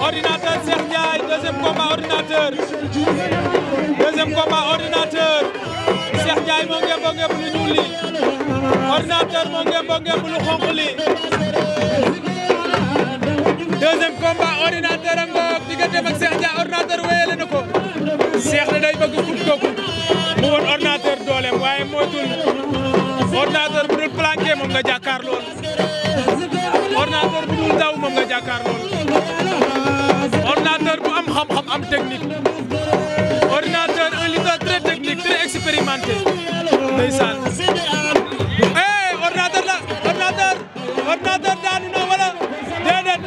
ordinateur Cheikh Ndiaye deuxième combat ordinateur deuxième combat ordinateur Cheikh Ndiaye moo ngi bëgg lu ñuul lu xonq li deuxième combat ordinateur am nga digganteem ak Cheikh Ndiaye ordinateur wéyale na ko Cheikh ne day bëgg fut kooku mu woon ordinateur dooleem waaye moytul ordinateur bu dul planqué moom nga jàkkaar lool ordinateur bu dul daw moom nga jàkkaar lool ordinateur bu am xam-xam am technique ordinateur un lutteur très technique très expérimenté ndeysaan eh ordinateur la ordinateur ordinateur daanu na wala déedéet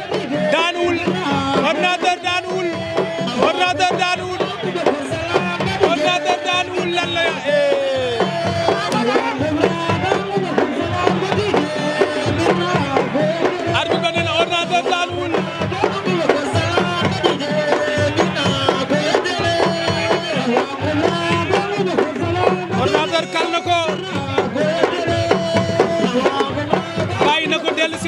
daanuwul ordinateur daanuwul ordinateur daanuwul ordinateur daanuwul lan la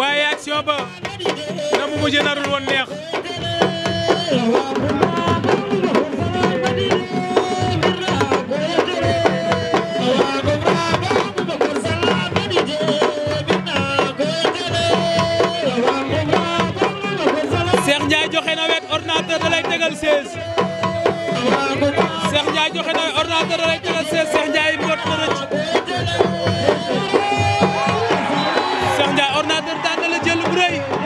waaye action ba na mu mujj narul woon neex. Cheikh Ndiaye joxe na wet ordinateur da lay tegal 16. Cheikh Ndiaye joxe na wet ordinateur da lay tegal 16 Cheikh Ndiaye. la jël bu rëy